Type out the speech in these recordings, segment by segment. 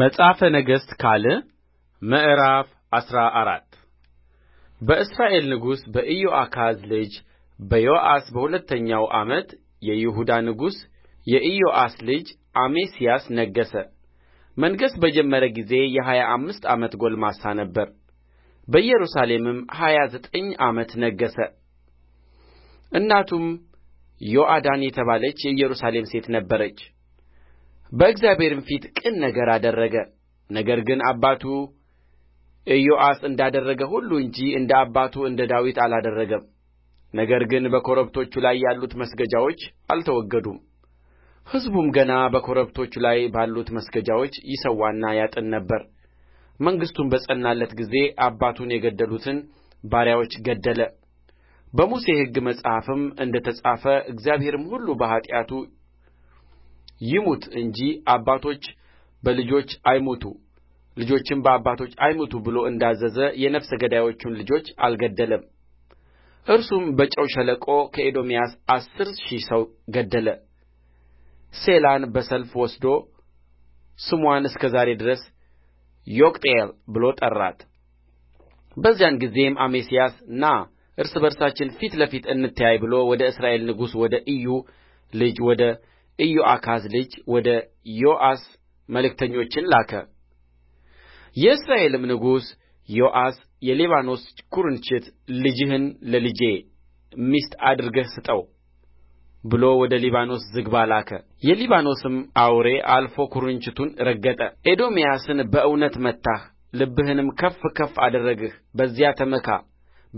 መጽሐፈ ነገሥት ካልዕ ምዕራፍ አስራ አራት በእስራኤል ንጉሥ በኢዮአካዝ ልጅ በዮአስ በሁለተኛው ዓመት የይሁዳ ንጉሥ የኢዮአስ ልጅ አሜስያስ ነገሠ። መንገሥ በጀመረ ጊዜ የሀያ አምስት ዓመት ጎልማሳ ነበር። በኢየሩሳሌምም ሀያ ዘጠኝ ዓመት ነገሠ። እናቱም ዮዓዳን የተባለች የኢየሩሳሌም ሴት ነበረች። በእግዚአብሔርም ፊት ቅን ነገር አደረገ ነገር ግን አባቱ ኢዮአስ እንዳደረገ ሁሉ እንጂ እንደ አባቱ እንደ ዳዊት አላደረገም ነገር ግን በኮረብቶቹ ላይ ያሉት መስገጃዎች አልተወገዱም ሕዝቡም ገና በኮረብቶቹ ላይ ባሉት መስገጃዎች ይሠዋና ያጥን ነበር መንግሥቱም በጸናለት ጊዜ አባቱን የገደሉትን ባሪያዎች ገደለ በሙሴ ሕግ መጽሐፍም እንደ ተጻፈ እግዚአብሔርም ሁሉ በኃጢአቱ ይሙት እንጂ አባቶች በልጆች አይሙቱ ልጆችም በአባቶች አይሙቱ ብሎ እንዳዘዘ የነፍሰ ገዳዮቹን ልጆች አልገደለም። እርሱም በጨው ሸለቆ ከኤዶምያስ አሥር ሺህ ሰው ገደለ። ሴላን በሰልፍ ወስዶ ስሟን እስከ ዛሬ ድረስ ዮቅትኤል ብሎ ጠራት። በዚያን ጊዜም አሜስያስ ና እርስ በርሳችን ፊት ለፊት እንተያይ ብሎ ወደ እስራኤል ንጉሥ ወደ ኢዩ ልጅ ወደ ኢዮአካዝ ልጅ ወደ ዮአስ መልእክተኞችን ላከ። የእስራኤልም ንጉሥ ዮአስ የሊባኖስ ኵርንችት ልጅህን ለልጄ ሚስት አድርገህ ስጠው ብሎ ወደ ሊባኖስ ዝግባ ላከ። የሊባኖስም አውሬ አልፎ ኵርንችቱን ረገጠ። ኤዶምያስን በእውነት መታህ፣ ልብህንም ከፍ ከፍ አደረግህ። በዚያ ተመካ፣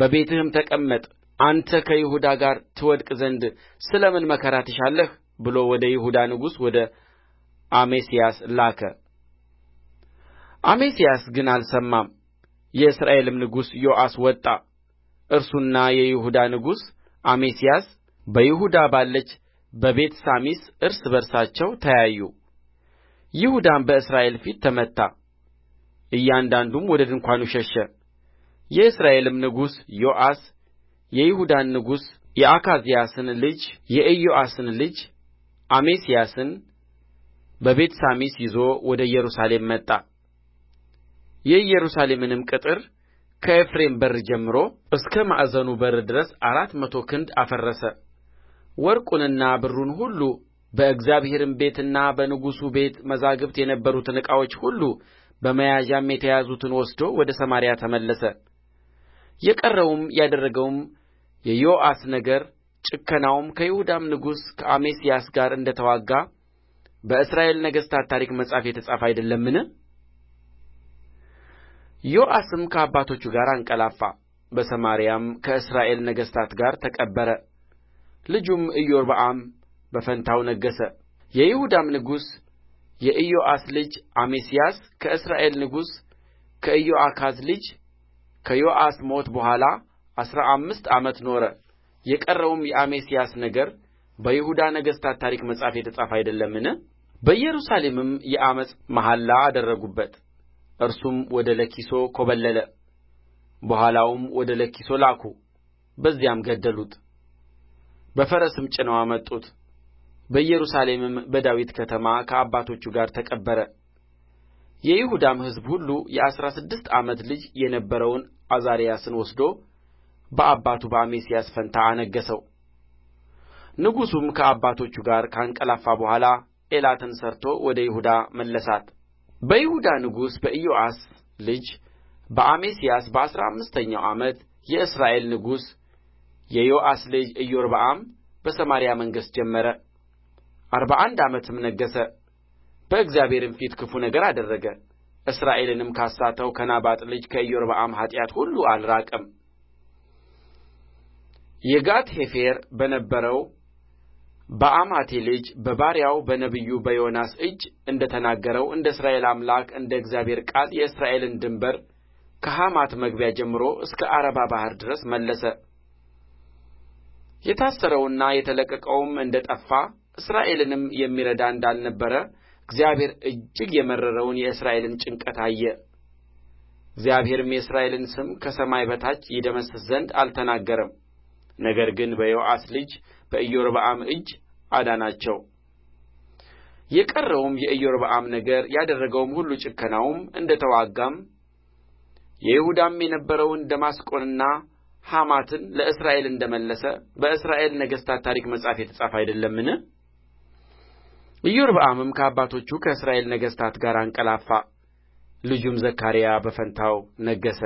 በቤትህም ተቀመጥ። አንተ ከይሁዳ ጋር ትወድቅ ዘንድ ስለ ምን መከራ ትሻለህ? ብሎ ወደ ይሁዳ ንጉሥ ወደ አሜስያስ ላከ አሜስያስ ግን አልሰማም የእስራኤልም ንጉሥ ዮአስ ወጣ እርሱና የይሁዳ ንጉሥ አሜስያስ በይሁዳ ባለች በቤት ሳሚስ እርስ በርሳቸው ተያዩ ይሁዳም በእስራኤል ፊት ተመታ እያንዳንዱም ወደ ድንኳኑ ሸሸ የእስራኤልም ንጉሥ ዮአስ የይሁዳን ንጉሥ የአካዝያስን ልጅ የኢዮአስን ልጅ አሜስያስን በቤትሳሚስ ይዞ ወደ ኢየሩሳሌም መጣ የኢየሩሳሌምንም ቅጥር ከኤፍሬም በር ጀምሮ እስከ ማዕዘኑ በር ድረስ አራት መቶ ክንድ አፈረሰ ወርቁንና ብሩን ሁሉ በእግዚአብሔርም ቤትና በንጉሡ ቤት መዛግብት የነበሩትን ዕቃዎች ሁሉ በመያዣም የተያዙትን ወስዶ ወደ ሰማርያ ተመለሰ የቀረውም ያደረገውም የዮአስ ነገር ጭከናውም ከይሁዳም ንጉሥ ከአሜስያስ ጋር እንደ ተዋጋ በእስራኤል ነገሥታት ታሪክ መጽሐፍ የተጻፈ አይደለምን? ዮአስም ከአባቶቹ ጋር አንቀላፋ፣ በሰማርያም ከእስራኤል ነገሥታት ጋር ተቀበረ። ልጁም ኢዮርብዓም በፈንታው ነገሠ። የይሁዳም ንጉሥ የኢዮአስ ልጅ አሜስያስ ከእስራኤል ንጉሥ ከኢዮአካዝ ልጅ ከዮአስ ሞት በኋላ አሥራ አምስት ዓመት ኖረ። የቀረውም የአሜስያስ ነገር በይሁዳ ነገሥታት ታሪክ መጽሐፍ የተጻፈ አይደለምን በኢየሩሳሌምም የዓመፅ መሐላ አደረጉበት እርሱም ወደ ለኪሶ ኰበለለ በኋላውም ወደ ለኪሶ ላኩ በዚያም ገደሉት በፈረስም ጭነው አመጡት በኢየሩሳሌምም በዳዊት ከተማ ከአባቶቹ ጋር ተቀበረ የይሁዳም ሕዝብ ሁሉ የአሥራ ስድስት ዓመት ልጅ የነበረውን ዓዛርያስን ወስዶ በአባቱ በአሜስያስ ፋንታ አነገሠው ንጉሡም ከአባቶቹ ጋር ካንቀላፋ በኋላ ኤላትን ሠርቶ ወደ ይሁዳ መለሳት በይሁዳ ንጉሥ በኢዮአስ ልጅ በአሜስያስ በአሥራ አምስተኛው ዓመት የእስራኤል ንጉሥ የዮአስ ልጅ ኢዮርብዓም በሰማርያ መንገሥ ጀመረ። አርባ አንድ ዓመትም ነገሠ። በእግዚአብሔርም ፊት ክፉ ነገር አደረገ። እስራኤልንም ካሳተው ከናባጥ ልጅ ከኢዮርብዓም ኃጢአት ሁሉ አልራቀም። የጋትሔፌር በነበረው በአማቴ ልጅ በባሪያው በነቢዩ በዮናስ እጅ እንደ ተናገረው እንደ እስራኤል አምላክ እንደ እግዚአብሔር ቃል የእስራኤልን ድንበር ከሐማት መግቢያ ጀምሮ እስከ ዓረባ ባሕር ድረስ መለሰ። የታሰረውና የተለቀቀውም እንደ ጠፋ እስራኤልንም የሚረዳ እንዳልነበረ እግዚአብሔር እጅግ የመረረውን የእስራኤልን ጭንቀት አየ። እግዚአብሔርም የእስራኤልን ስም ከሰማይ በታች ይደመስስ ዘንድ አልተናገረም። ነገር ግን በዮአስ ልጅ በኢዮርብዓም እጅ አዳናቸው። የቀረውም የኢዮርብዓም ነገር ያደረገውም ሁሉ ጭከናውም፣ እንደ ተዋጋም የይሁዳም የነበረውን ደማስቆንና ሐማትን ለእስራኤል እንደ መለሰ በእስራኤል ነገሥታት ታሪክ መጽሐፍ የተጻፈ አይደለምን? ኢዮርብዓምም ከአባቶቹ ከእስራኤል ነገሥታት ጋር አንቀላፋ፣ ልጁም ዘካርያ በፈንታው ነገሠ።